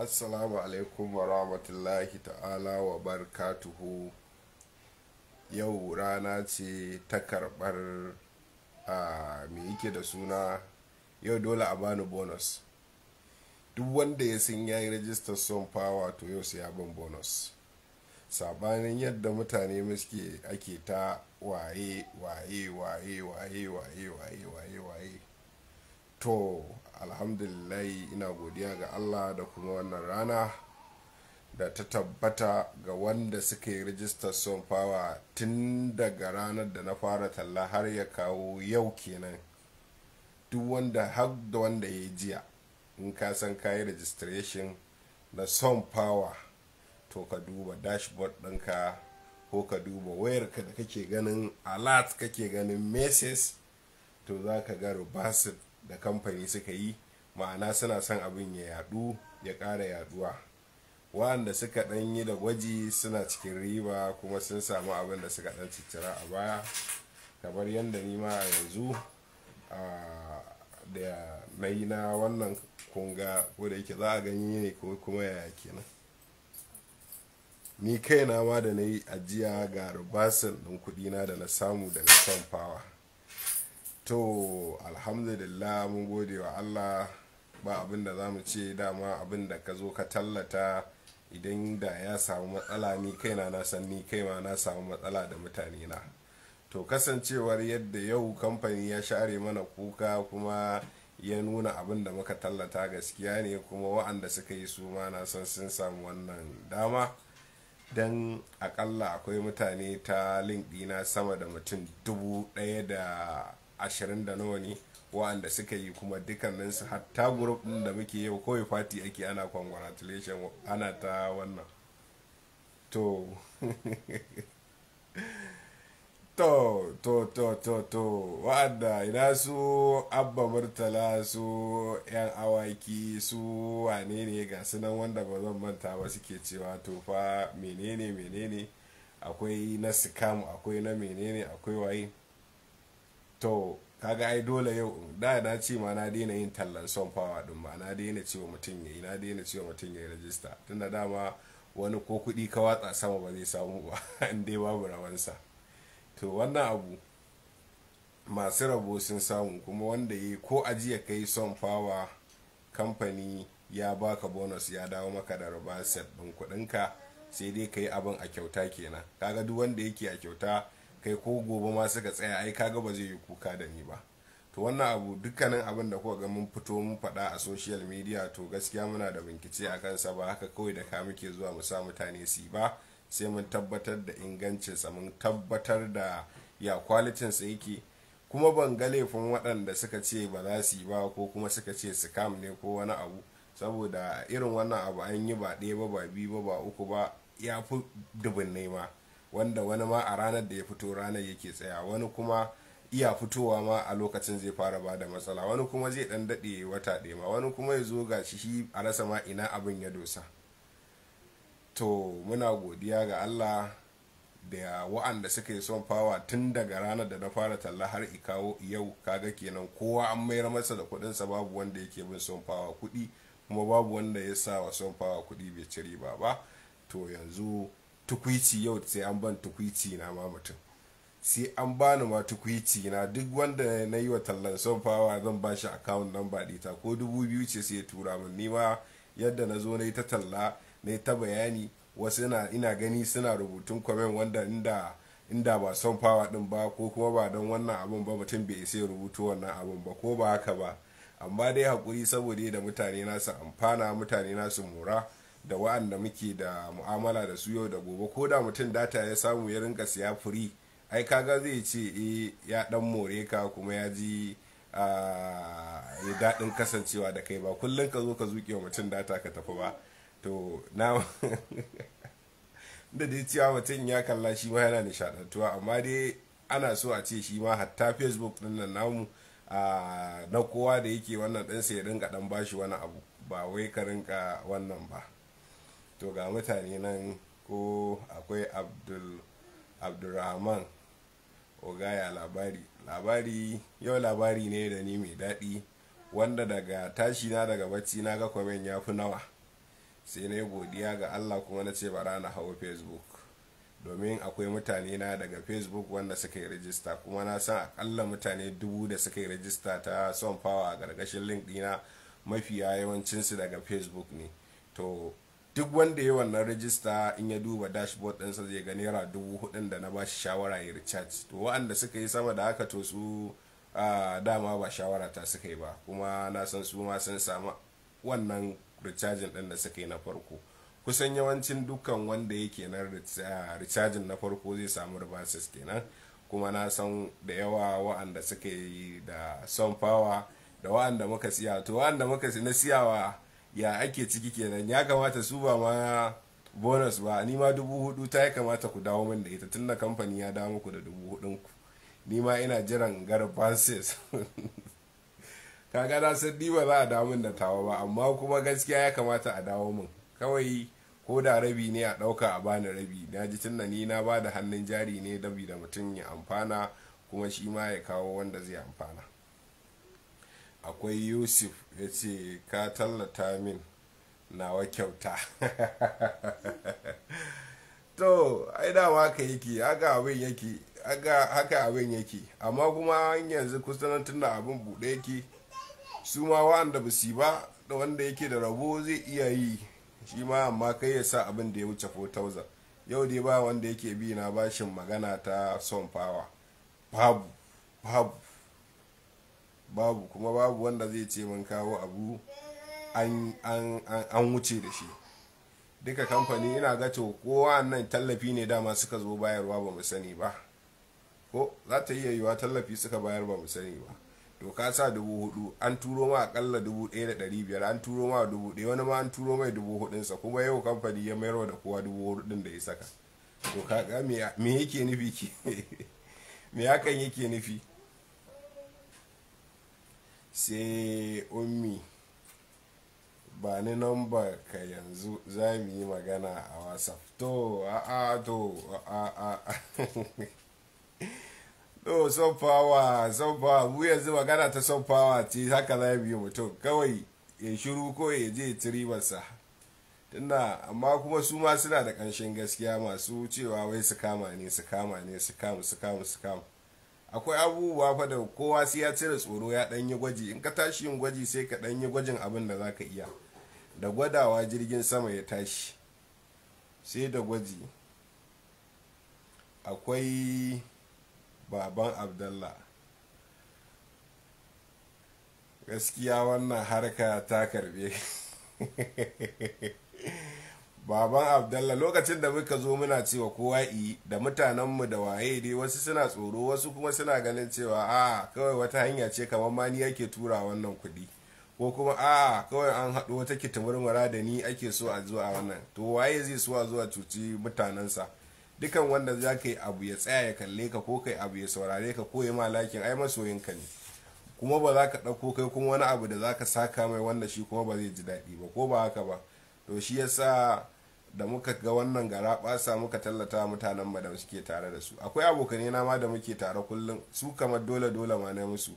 assalamu alaikum wa rahmatullahi ta'ala wa barkatuhu yau rana ce ta karɓar a me yake da suna yau dole a bani bonus duk wanda ya sun yayi rajistar son fawa to yau sai ya ban bonus sabanin yadda mutane muske ake ta waye waye waye waye waye waye waye waye to alhamdulillahi ina godiya ga allah da kuma wannan rana da ta tabbata ga wanda suke yi rijistar son fawa tun daga ranar da na fara talla har ya kawo yau kenan duk wanda har da wanda ya jiya in ka san ka yi registration na son fawa to ka duba dashboard ɗinka ko ka duba wayarka da kake ganin alert kake ganin message to za ka ga robust da kamfani suka yi ma'ana suna son abin ya yadu ya ƙara yaduwa wanda suka ɗan yi da gwaji suna cikin riba kuma sun samu abin da suka ɗan cittira a baya kamar yadda ni a yanzu da na yi na wannan kunga ko da yake za a ganye ne ko kuma yaya nan ni kaina ma da na yi ajiya ga rubasin ɗin na da na samu daga son fawa to alhamdulillah mun gode wa allah ba abin da za mu ce dama abin da ka zo ka tallata idan da ya samu matsala ni kaina na sanni ni kaima na samu matsala da mutane na to kasancewar yadda yau kamfani ya share mana kuka kuma ya nuna abin da muka tallata gaskiya ne kuma wa'anda suka yi su ma na san sun samu wannan dama don akalla akwai mutane ta link dina sama da mutum dubu ɗaya da ashirin da nawa ne wa'anda suka yi kuma su hatta group din da muke yau kawai fati ake ana congratulation ana ta wannan to to to to to to wa'anda ina su abba murtala su yan awaki su wane ne ga sunan wanda ba zan manta ba suke cewa to fa menene menene akwai na sikam akwai na menene akwai waye to kaga ai dole yau da na ce ma na daina yin tallan son fawa din ma na daina cewa mutum ya yi na daina cewa mutum ya yi rajista tunda dama wani ko kuɗi ka watsa sama ba zai samu ba in dai babu rawansa to wannan abu masu rabo sun samu kuma wanda ya ko ajiya ka yi son fawa kamfani ya baka bonus ya dawo maka da riba set ɗin kuɗinka sai dai ka yi abin a kyauta kenan kaga duk wanda yake a kyauta kai ko gobe ma suka tsaya ai kaga ba zai yi kuka da ni ba to wannan abu dukkanin abin da kuka ga mun fito mun faɗa a social media to gaskiya muna da bincike a kansa ba haka kawai da ka muke zuwa mu sa mutane su ba sai mun tabbatar da ingancinsa mun tabbatar da ya sa yake kuma ban ga laifin waɗanda suka ce ba za su yi ba ko kuma suka ce su kam ne ko wani abu saboda irin wannan abu an yi ba ɗaya ba ba biyu ba ba uku ba ya fi dubin nema. wanda wani ma a ranar da ya fito ranar yake tsaya wani kuma iya fitowa ma a lokacin zai fara ba da matsala wani kuma zai dan daɗe wata ɗaya ma wani kuma ya zo ga shi a rasa ma ina abin ya dosa to muna godiya ga allah da wa'anda suka yi son fawa tun daga ranar da na fara talla har ikawo yau kaga kenan kowa an mayar masa da kuɗinsa babu wanda yake bin son fawa kuɗi kuma babu wanda ya sa wa son fawa kuɗi bai cire ba ba to yanzu tukwici yau sai an ban tukwici na ma mutum sai an bani ma tukwici na duk wanda na yi wa tallan son fawa zan ba shi akawun nan ba ta ko dubu biyu ce sai ya tura min ni ma yadda na zo na yi ta talla na yi ta bayani wasu ina gani suna rubutun kwamen wanda inda inda ba son fawa din ba ko kuma ba don wannan abin ba mutum bai isa rubutu wannan abin ba ko ba haka ba amma dai hakuri saboda da mutane nasu amfana mutane nasu mora da wa'anda muke da mu'amala da su yau da gobe ko da mutum data ya samu ya rinka siya furi ai kaga zai ce e ya dan more ka kuma ya ji ah, ya daɗin kasancewa da kai ba kullum ka zo ka zuke wa mutum data ka tafi ba to na da dai cewa mutum ya kalla shi ma yana nishadantuwa amma dai ana so a ce shi ma hatta facebook din namu ah, na kowa da yake wannan ɗansa ya dinga ɗan bashi wani abu ba wai ka rinka wannan ba to ga mutane nan ko akwai abdulrahman ogaya labari labari yau labari ne da ni mai daɗi wanda daga tashi na daga bacci na ga kwamen ya fi nawa sai na godiya ga allah kuma na ce bara na hau facebook domin akwai mutane na daga facebook wanda suka yi rajista kuma na san akalla mutane dubu da suka yi rajista ta son fawa a gargashin link dina mafiya yawancinsu daga facebook ne to duk wanda ya wannan rajista in ya duba dashboard ɗinsa zai ga naira dubu hudun da na ba shi shawara ya recharge to waɗanda suka yi sama da haka to su dama ba shawara ta suka yi ba kuma na san su ma sun samu wannan recharging ɗin da suka yi na farko kusan yawancin dukkan wanda yake na recharging na farko zai samu reverses kenan kuma na san da yawa wa'anda suka yi da sun da wa'anda muka siya to wa'anda muka na siyawa ya ake ciki kenan ya kamata su ba ma bonus ba ni ma dubu hudu ta ya kamata ku dawo min da ita tun da kamfani ya dawo muku da dubu hudun ku ni ma ina jiran garbansis kaga na san ba za a dawo min da tawa ba amma kuma gaskiya ya kamata a dawo min kawai ko da rabi ne a ɗauka a bani rabi na ji tun ni na ba da hannun jari ne dabi da mutum ya amfana kuma shi ma ya kawo wanda zai amfana akwai yusuf ya ce ka tallata min nawa kyauta to ai dama haka yake haka abin yake haka abin yake amma kuma yanzu kusan tunda abin buɗe yake su ma wanda ba ba da wanda yake da rabo zai iya yi shi ma amma kai ya sa abin da ya wuce 4000 yau dai ba wanda yake bi na bashin magana ta son fawa babu babu babu kuma babu wanda zai ce mun kawo abu an wuce da shi duka kamfani ina ga to kowa nan tallafi ne dama suka zo bayarwa ba mu sani ba ko za ta iya yiwuwa tallafi suka bayar ba mu sani ba to ka sa dubu hudu an turo ma akalla dubu ɗaya da ɗari biyar an turo ma dubu ɗaya wani ma an turo mai dubu sa kuma yau kamfani ya mayarwa da kowa dubu hudun da ya saka to kaga me yake nufi ke me hakan yake nufi sai ummi ba ni nomba ka yanzu za mu yi magana a whatsapp to a a to a a to son power son power mu yanzu magana ta son power ce haka za mu yi mutum kawai ya shiru ko ya je tiribarsa tunda amma kuma su ma suna da ƙanshin gaskiya masu cewa wai su kama ne su kama ne su kama su kama su kama akwai abubuwa fa da kowa sai ya cire tsoro ya dan yi gwaji in ka tashi yin gwaji sai ka dan yi gwajin abin da zaka iya da gwadawa jirgin sama ya tashi sai da gwaji akwai baban abdallah gaskiya wannan harka ta karbe baban abdallah lokacin da muka zo muna cewa kowa i da mutanenmu da waye dai wasu suna tsoro wasu kuma suna ganin cewa a kawai wata hanya ce kamar ma ni yake tura wannan kuɗi ko kuma a kawai an haɗu wata kitimurmura da ni ake so a zuwa wannan to waye zai so a zuwa cuci mutanensa dukan wanda za ka yi abu ya tsaya ya kalle ka ko kai abu ya saurare ka ko ya malakin ai masoyinka ne kuma ba za ka ɗauko kai kuma wani abu da za ka saka mai wanda shi kuma ba zai ji daɗi ba ko ba haka ba to shi yasa da muka ga wannan gara basa muka tallata mutanen da suke tare da su akwai abokanai na ma da muke tare kullum su kamar dole dole ma na musu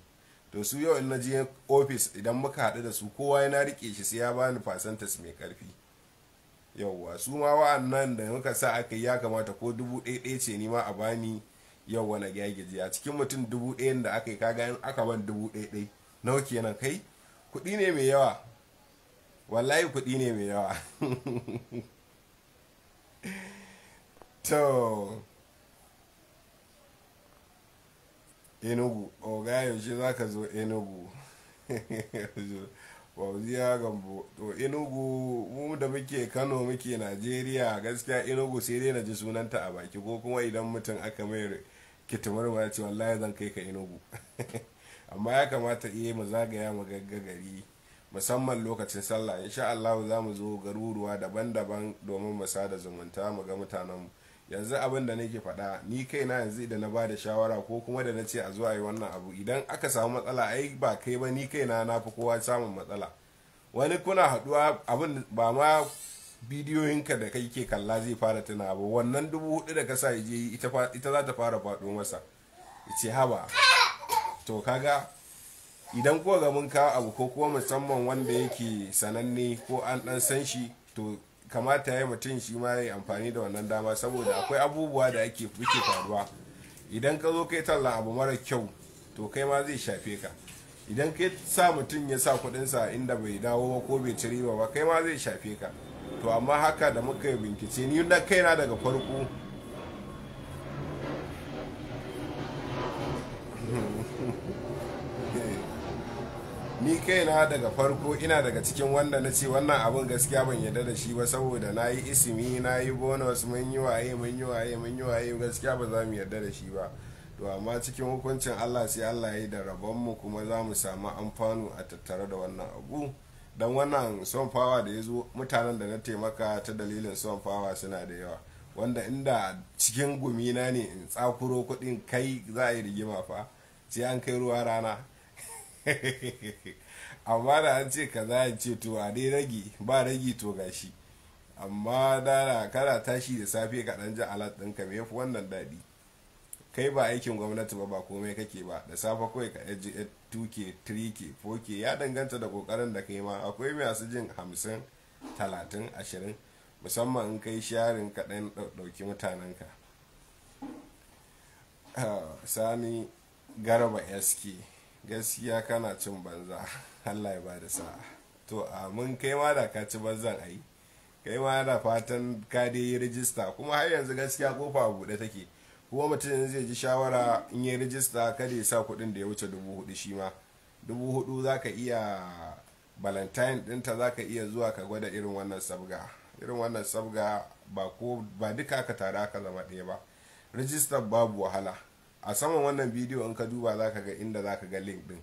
to su yau in na je ofis idan muka haɗu da su kowa na rike shi sai ya bani fasantas mai karfi yauwa su ma wa'annan da muka sa aka yi ya kamata ko dubu ɗaya ce ni ma a bani yauwa na gyagyaji a cikin mutum dubu ɗayan da aka yi kaga in aka ban dubu ɗaya nawa kenan kai kuɗi ne mai yawa wallahi kuɗi ne mai yawa to enugu oga yaushe za ka zo enugu bauziya gambo to enugu mu da muke kano muke najeriya gaskiya enugu sai dai na ji sunanta a baki ko kuma idan mutum aka mai kitimar ba ce wallahi zan kai ka enugu amma ya kamata iya eh, mu zagaya mu gaggagari musamman lokacin sallah insha za mu zo garuruwa daban-daban domin mu sada zumunta mu ga mutanenmu yanzu abin da nake faɗa ni kaina yanzu idan na bada shawara ko kuma da na ce a zuwa yi wannan abu idan aka samu matsala ai ba kai ba ni kaina na fi kowa samun matsala wani kuna haduwa abin ba ma bidiyoyinka da kai ke kalla zai fara tuna ba wannan dubu hudu da kasa yaje je ita za ta fara faɗo masa ce haba to kaga idan kuwa ga mun kawo abu ko kuma musamman wanda yake sananne ko an ɗan san shi to kamata ya yi mutum shi ma ya yi amfani da wannan dama saboda akwai abubuwa da ake fuke faruwa idan ka zo kai talla abu mara kyau to kai ma zai shafe ka idan kai sa mutum ya sa kudinsa inda bai dawo ba ko bai ci riba ba kai ma zai shafe ka to amma haka da muka bincike ni na kaina daga farko ni kaina daga farko ina daga cikin wanda na ce wannan abun gaskiya ban yarda da shi ba saboda na yi isimi na yi bonus mun yi waye mun yi waye mun yi waye gaskiya ba za mu yarda da shi ba to amma cikin hukuncin allah sai allah ya yi da rabon mu kuma za mu samu amfanu a tattare da wannan abu dan wannan son fawa da ya mutanen da na taimaka ta dalilin son fawa suna da yawa wanda inda cikin gumina ne in tsakuro kudin kai za a yi rigima fa sai an kai ruwa rana amma da an ce kaza ya ce to a dai rage ba rage to gashi amma dana kana tashi da safe ka dan ji alat din ka yafi wannan daɗi kai ba aikin gwamnati ba ba komai kake ba da safe kawai ka yaji 2k 3k 4k ya danganta da kokarin da kai ma akwai masu jin 50 30 20 musamman in kai sharin ka dan mutanen ka. Ah, sani garba sk gaskiya kana cin banza allah ya ba da sa'a to a mun kai ma da ka ci banzan ayi kai ma da fatan ka dai yi rijista kuma har yanzu gaskiya kofa buɗe take kuma mutum zai ji shawara in yi rijista kada ya sa kuɗin da ya wuce dubu hudu shi ma dubu hudu za ka iya valentine ɗinta za ka iya zuwa ka gwada irin wannan sabga irin wannan sabga ba ko ba duka ka tare aka zama ɗaya ba rijistar babu wahala a saman wannan bidiyo in ka duba za ka ga inda za ka ga link din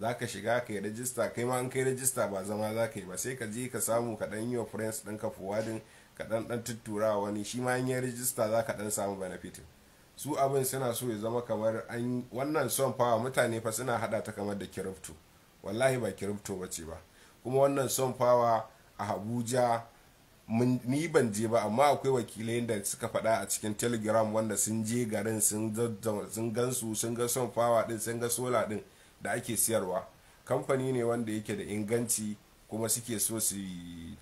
za ka shiga ka yi rajista kai ma in ka yi rajista ba zama za ka yi ba sai ka je ka samu ka dan yi wa friends din ka forwardin ka dan dan tuttura wani shi ma in yi rajista za ka dan samu benefitin su abin suna so ya zama kamar an wannan son fawa mutane fa suna hada ta kamar da kirifto wallahi ba kirifto ba ce ba kuma wannan son fawa a abuja ni ban je ba amma akwai wakilai da suka faɗa a cikin telegram wanda sun je garin sun gansu sun ga son fawa din sun ga sola din da ake siyarwa kamfani ne wanda yake da inganci kuma suke so su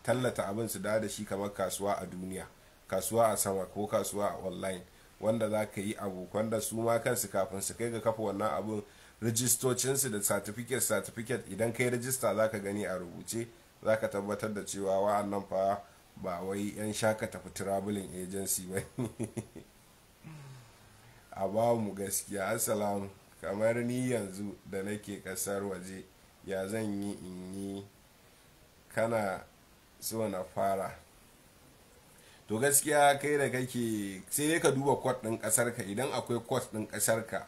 tallata abin su da shi kamar kasuwa a duniya kasuwa a sama ko kasuwa a online wanda za ka yi abu da su ma kansu kafin su kai ga kafa wannan abin rijistocinsu da satifiket satifiket idan ka yi rijista za ka gani a rubuce za ka tabbatar da cewa wa'annan fa ba wai 'yan shaka tafi traveling agency ba a ba mu gaskiya asalam kamar ni yanzu da nake kasar waje ya zan yi in yi kana so na fara to gaskiya kai da kake sai dai ka duba kwat ɗin ƙasarka idan akwai kwat ɗin ka sai ka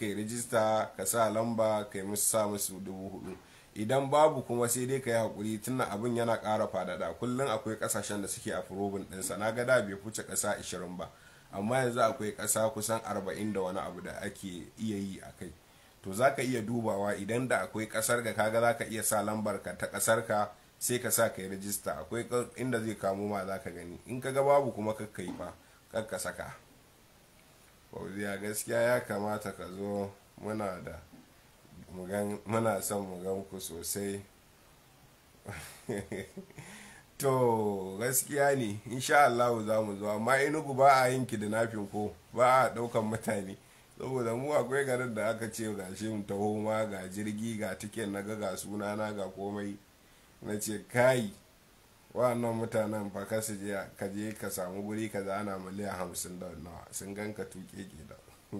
yi rijista ka sa lamba ka yi musu sa musu dubu hudu idan babu kuma sai dai ka yi haƙuri tunan abin yana ƙara faɗaɗa kullum akwai ƙasashen da suke a furobin ɗinsa na gada bai fuce ƙasa 20 ba amma yanzu akwai ƙasa kusan 40 da wani abu da ake iya yi a kai to za ka iya dubawa idan da akwai ƙasar ka kaga za ka iya sa lambar ka ta ƙasar ka sai ka sa ka yi rajista akwai inda zai kamo ma za ka gani in ka ga babu kuma kakka yi ba kakka saka fauziya gaskiya ya kamata ka zo muna da muna son mu gan ku sosai to gaskiya ne insha Allah za mu zuwa amma inugu ba a yin kidnapping ko ba a daukan mutane saboda mu akwai garin da aka ce ga shi mu taho ma ga jirgi ga tiket na ga sunana ga komai na ce kai wannan mutanen fa ka je ka je ka samu guri ka zana miliyan hamsin da nawa sun gan tuke ke da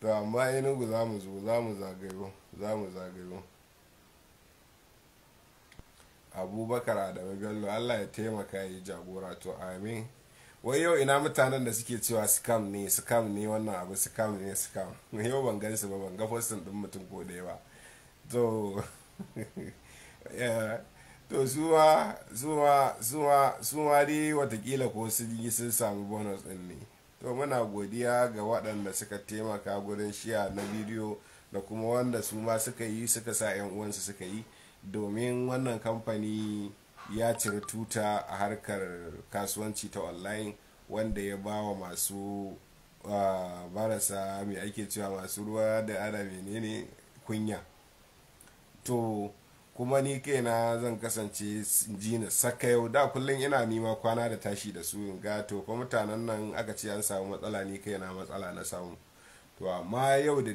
to amma inugu za mu zo za mu zagayo za mu zagayo abubakar adamu bello allah ya taimaka ya yi jagora to amin wai yau ina mutanen da suke cewa scam ne scam ne wannan abu scam ne scam yau ban gan su ba ban ga postin din mutum ko da ba to to suwa suwa suwa suwa dai watakila ko sun yi sun samu bonus din ne to muna godiya ga waɗanda suka taimaka gurin shiya na bidiyo da kuma wanda su ma suka yi suka sa 'yan uwansu suka yi domin wannan kamfani ya cire tuta a harkar kasuwanci ta online wanda ya ba wa masu marasa mai ake cewa masu ruwa da ana menene kunya to kuma ni kaina zan kasance jina yau da kullum ina nima kwana da tashi da su in ga to kuma mutanen nan aka ce an samu matsala ni kaina matsala na samu to amma yau da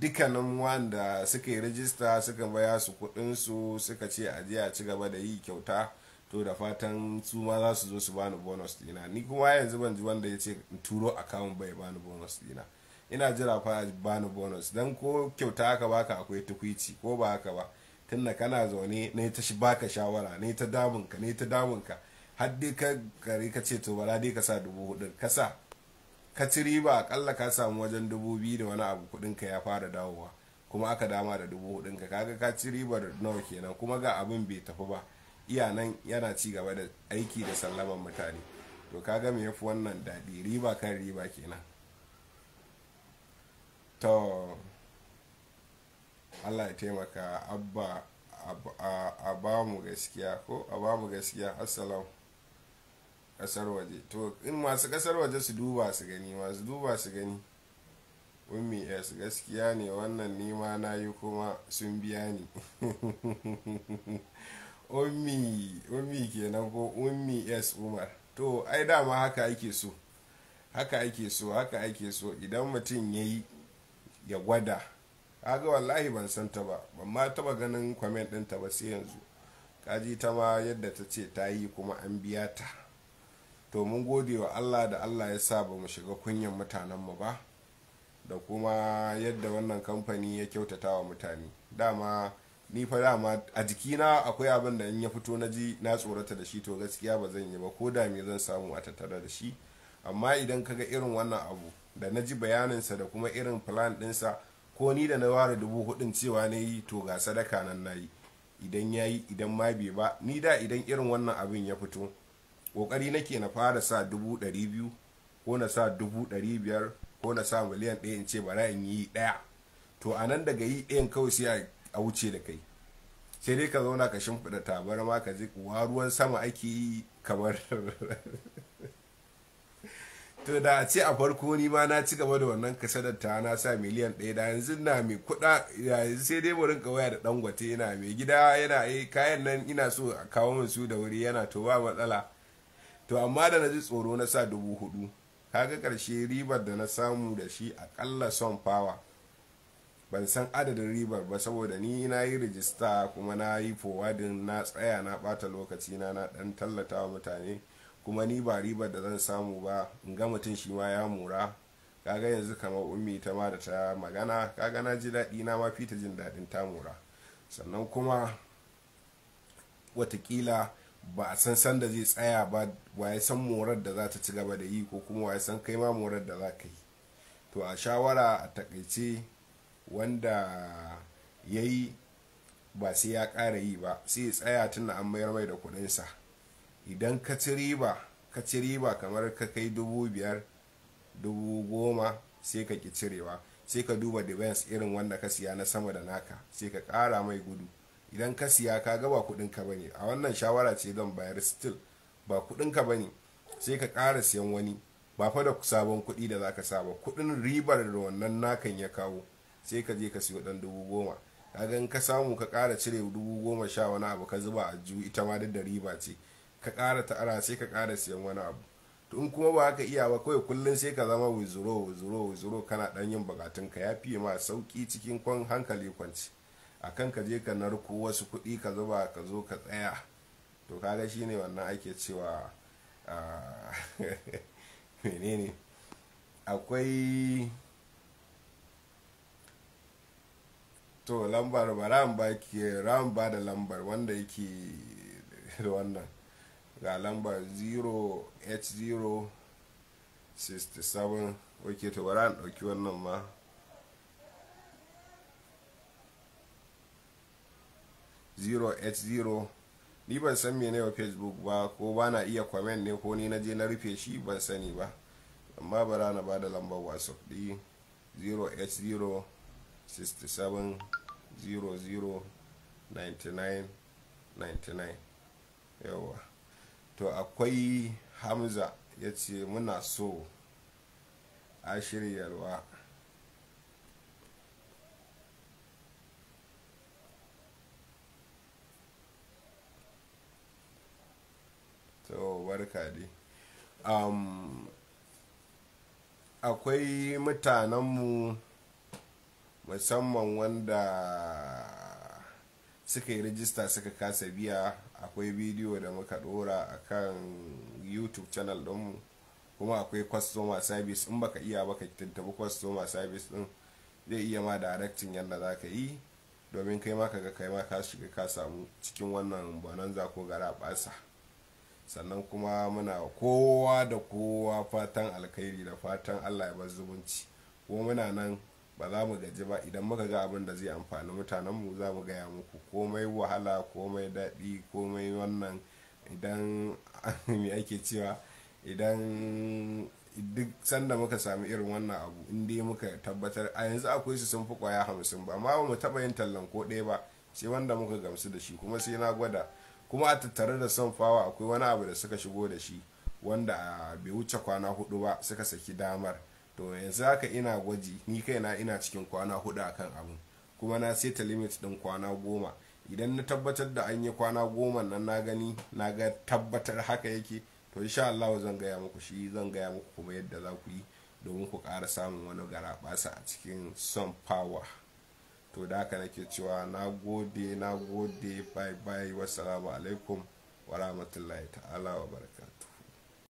dukkanin wanda suka yi rajista suka baya su kudin suka ce a a ci gaba da yi kyauta to da fatan su ma za su zo su bani bonus dina ni kuma yanzu ban ji wanda ya ce in turo account bai bani bonus dina ina jira fa bani bonus dan ko kyauta haka baka akwai tukwici ko ba haka ba tunda kana zaune ne ta shi baka shawara ne ta damunka ne ta damunka har dai ka gari ka ce to bala dai ka sa dubu hudun ka sa ka ci riba akalla ka samu wajen dubu biyu da wani abu kudin ka ya fara dawowa kuma aka dama da dubu hudunka kaga ka ci riba da nawa kenan kuma ga abin bai tafi ba iya nan yana ci gaba da aiki da sallaman mutane to kaga me yafi wannan daɗi riba kan riba kenan to allah ya taimaka abba a ba mu gaskiya ko a ba mu gaskiya assalam kasar waje to in masu kasar waje su duba su gani masu duba su gani ummi yes gaskiya ne wannan nima na yi kuma sun biya ni ummi ummi kenan ko ummi yes umar to ai dama haka ake so haka ake so haka ake so idan mutum ya yi ya gwada kaga wallahi ban san ta ba ban ma taba ganin kwamen ta ba sai yanzu kaji ta ma yadda ta ce ta yi kuma an biya ta to mun gode wa allah da allah ya sa ba mu shiga kunyan mutanenmu ba da kuma yadda wannan kamfani ya kyautata wa mutane dama ni fa dama a jikina akwai abin da in ya fito na ji na tsorata da shi to gaskiya ba zan yi ba ko da me zan samu a tattara da shi amma idan kaga irin wannan abu da na ji bayaninsa da kuma irin plan ɗinsa ko ni da na ware dubu hudun cewa na yi to ga sadaka nan na yi idan ya yi idan ma bai ba ni da idan irin wannan abin ya fito ƙoƙari nake na fara sa dubu ɗari biyu ko na sa dubu ɗari biyar ko na sa miliyan ɗaya in ce ba in yi ɗaya to a nan daga yi ɗayan kawai sai a wuce da kai sai dai ka zauna ka shimfiɗa tabarma ka ji ruwan sama ake yi kamar to da a ce a farko ni ma na ci gaba da wannan kasadar ta na sa miliyan ɗaya da yanzu na mai kuɗa yanzu sai dai burin waya da gwate yana mai gida yana eh kayan nan ina so a kawo min su da wuri yana to ba matsala to amma da na ji tsoro na sa dubu hudu kaga karshe ribar da na samu da shi a akalla son fawa ban san adadin ribar ba saboda ni na yi rijista kuma na yi fowadin na tsaya na bata lokaci na na ɗan tallata wa mutane kuma ni ba ribar da zan samu ba in ga mutum shi ma ya mura kaga yanzu kamar ummi ta ma da ta magana kaga na ji daɗi na ma fita jin daɗin ta mura sannan kuma watakila ba a san san da zai tsaya ba wa ya san morar da za ta ci gaba da yi ko kuma wa ya san kai ma morar da za ka yi to a shawara a takaice wanda ya yi ba sai ya kara yi ba sai ya tsaya tun an mayar mai da kuɗinsa idan ka ci riba ka ci riba kamar ka kai dubu biyar dubu goma sai ka ki cirewa sai ka duba defense irin wanda ka siya na sama da naka sai ka kara mai gudu idan ka siya ka gaba kudin ka bane a wannan shawara ce don bayar still ba kudin ka bane sai ka kara siyan wani ba fa da sabon kudi da zaka sa ba kuɗin ribar da wannan nakan ya kawo sai ka je ka siyo dan dubu goma kaga in ka samu ka kara cire dubu goma sha wani abu ka zuba a juyi ita ma duk da riba ce ka ƙara ta'ara sai ka ƙara siyan wani abu to kuma ba ka iya ba kawai kullum sai ka zama wizuro wizuro wizuro kana ɗan yin bukatun ka ya fi ma sauki cikin kwan hankali kwanci akan ka je ka narko wasu kuɗi ka zuba ka zo ka tsaya to kaga ne wannan ake cewa ah, menene akwai to lambar ba ran ba da lambar wanda yake da wannan ga lamba 0h067 ok to bari wannan ma zero h zero ni ban san mene wa facebook ba ko ba na iya comment ne ko ni na je na rufe shi ban sani ba amma bara na bada lambar whatsapp ɗi 0 h zero 67 00 99 99 yawa to akwai hamza ya ce muna so a shiryarwa to barka dai um, akwai mutanenmu musamman wanda suka yi rajista suka kasa biya akwai bidiyo da muka dora a kan youtube channel ɗinmu kuma akwai customer service in baka iya baka tuntubi customer service ɗin zai iya ma directing yadda za ka yi domin kai ma kaga kai ma shiga ka samu cikin wannan bonanza ko gara basa sannan kuma muna kowa da kowa fatan alkhairi da fatan allah ya bar zumunci ko muna nan ba za mu gaji ba idan muka ga abin da zai amfani mutanenmu za mu gaya muku komai wahala komai daɗi komai wannan idan mai ake cewa idan duk sanda muka sami irin wannan abu in dai muka tabbatar a yanzu akwai su sun fi kwaya hamsin ba amma mu taba yin tallan ko ɗaya ba sai wanda muka gamsu da shi kuma sai na gwada kuma a tattare da son fawa akwai wani abu da suka shigo da shi wanda bai wuce kwana hudu ba suka saki damar to yanzu haka ina gwaji ni kaina ina cikin kwana hudu kan abin kuma na seta limit din kwana goma idan na tabbatar da an yi kwana goma nan na gani na ga tabbatar haka yake to insha Allah zan gaya muku shi zan gaya muku kuma yadda za ku yi domin ku ƙara samun wani garaɓasa a cikin son power to da haka nake cewa na gode na gode bye bye wassalamu alaikum wa rahmatullahi ta'ala wa